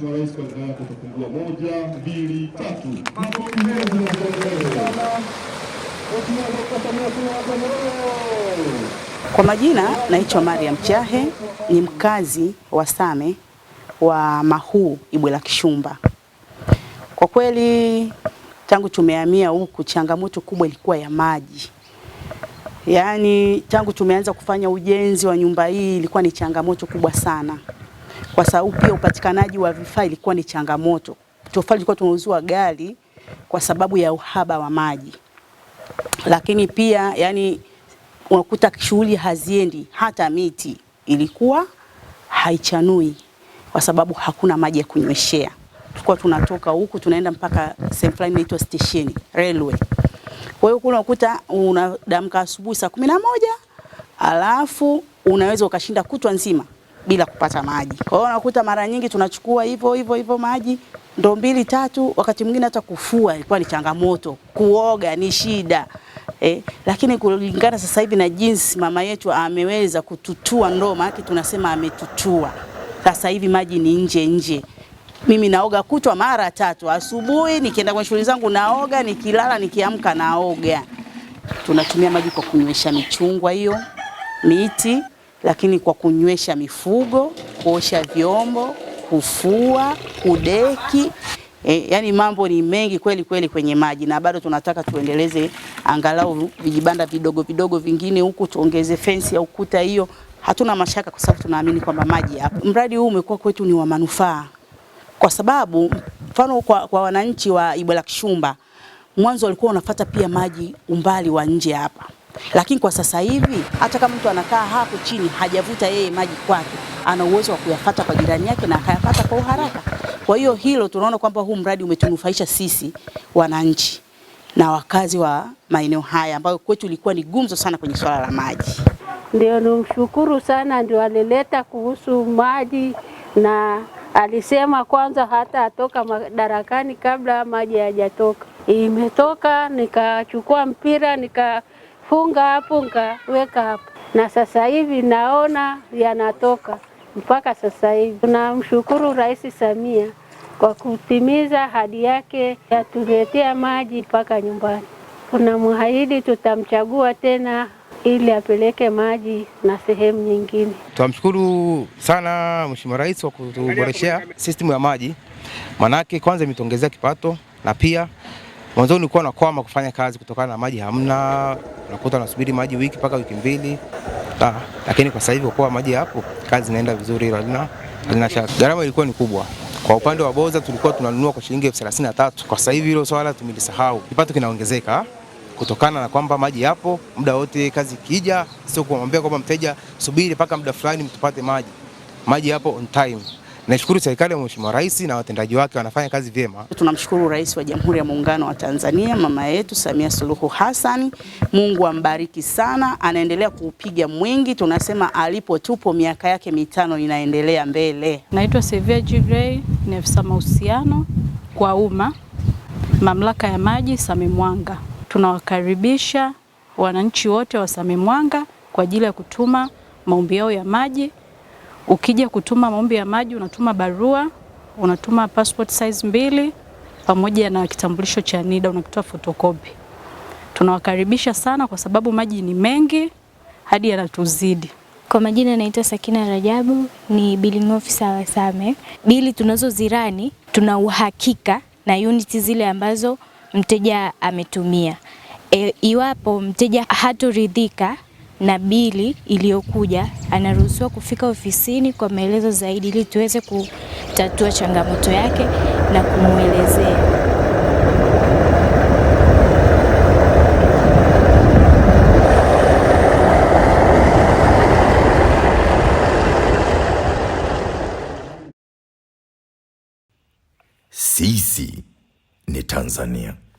Mheshimiwa Rais kwa ziara yako kufungua moja, mbili, tatu. Kwa majina naitwa Mariam Chahe, ni mkazi wa Same wa Mahuu Ibwela Kishumba. Kwa kweli tangu tumehamia huku changamoto kubwa ilikuwa ya maji. Yaani tangu tumeanza kufanya ujenzi wa nyumba hii ilikuwa ni changamoto kubwa sana kwa sababu pia upatikanaji wa vifaa ilikuwa ni changamoto. Tofali ilikuwa tunauziwa gari kwa sababu ya uhaba wa maji, lakini pia yani unakuta shughuli haziendi, hata miti ilikuwa haichanui kwa sababu hakuna maji ya kunyweshea. Tulikuwa tunatoka huku tunaenda mpaka sehemu fulani inaitwa stesheni railway. Kwa hiyo kuna unakuta unadamka asubuhi saa kumi na moja alafu unaweza ukashinda kutwa nzima bila kupata maji. Kwa hiyo unakuta mara nyingi tunachukua hivyo hivyo hivyo maji ndo mbili tatu, wakati mwingine hata kufua ilikuwa ni changamoto, kuoga ni shida eh, lakini kulingana sasa hivi na jinsi mama yetu ameweza kututua ndoo, maana tunasema ametutua. Sasa hivi maji ni nje nje mimi naoga kutwa mara tatu, asubuhi nikienda kwa shughuli zangu naoga, nikilala, nikiamka naoga. Tunatumia maji kwa kunywesha michungwa hiyo miti lakini kwa kunywesha mifugo, kuosha vyombo, kufua, kudeki E, yani mambo ni mengi kweli kweli kwenye maji, na bado tunataka tuendeleze angalau vijibanda vidogo vidogo vingine huku, tuongeze fensi ya ukuta. Hiyo hatuna mashaka, kwa sababu tunaamini kwamba maji hapo. Mradi huu umekuwa kwetu ni wa manufaa, kwa sababu mfano kwa, kwa wananchi wa Ibwela Kishumba mwanzo walikuwa wanafata pia maji umbali wa nje hapa lakini kwa sasa hivi hata kama mtu anakaa hapo chini hajavuta yeye maji kwake, ana uwezo wa kuyapata kwa jirani yake na akayapata kwa uharaka. Kwa hiyo hilo tunaona kwamba huu mradi umetunufaisha sisi wananchi na wakazi wa maeneo haya ambayo kwetu ilikuwa ni gumzo sana kwenye swala la maji. Ndio, nimshukuru sana, ndio alileta kuhusu maji na alisema kwanza hata atoka madarakani kabla maji hayajatoka. Imetoka, nikachukua mpira nika funga hapo nkaweka hapo, na sasa hivi naona yanatoka mpaka sasa hivi. Tunamshukuru Rais Samia kwa kutimiza ahadi yake ya tuletea maji mpaka nyumbani. Kuna mwahidi tutamchagua tena ili apeleke maji na sehemu nyingine. Tunamshukuru sana Mheshimiwa Rais kwa kutuboreshea system ya maji, manake kwanza imetuongezea kipato na pia Mwanzo nilikuwa nakwama kufanya kazi kutokana na maji hamna, nakuta nasubiri maji wiki mpaka wiki mbili, ah, lakini kwa sasa hivi kwa maji hapo kazi inaenda vizuri, lina shaka. Gharama ilikuwa ni kubwa. Kwa upande wa boza tulikuwa tunanunua kwa shilingi elfu thelathini na tatu. Kwa sasa hivi hilo swala tumelisahau, kipato kinaongezeka kutokana na kwamba maji yapo muda wote. Kazi ikija, sio kumwambia kwamba mteja subiri mpaka muda fulani mtupate maji. Maji yapo on time. Naishukuru serikali ya Mheshimiwa Rais na watendaji wake wanafanya kazi vyema. Tunamshukuru Rais wa Jamhuri ya Muungano wa Tanzania mama yetu Samia Suluhu Hassan, Mungu ambariki sana, anaendelea kuupiga mwingi. Tunasema alipo tupo, miaka yake mitano inaendelea mbele. Naitwa Sevia G. ni afisa mahusiano kwa umma mamlaka ya maji Mwanga. Tunawakaribisha wananchi wote wa Mwanga kwa ajili ya kutuma maombi yao ya maji Ukija kutuma maombi ya maji, unatuma barua, unatuma passport size mbili pamoja na kitambulisho cha NIDA unakitoa fotokopi. Tunawakaribisha sana kwa sababu maji ni mengi hadi yanatuzidi. Kwa majina naitwa Sakina Rajabu, ni billing officer wa Same. Bili tunazozirani tuna uhakika na unit zile ambazo mteja ametumia. E, iwapo mteja hatoridhika na bili iliyokuja, anaruhusiwa kufika ofisini kwa maelezo zaidi ili tuweze kutatua changamoto yake na kumwelezea. Sisi ni Tanzania.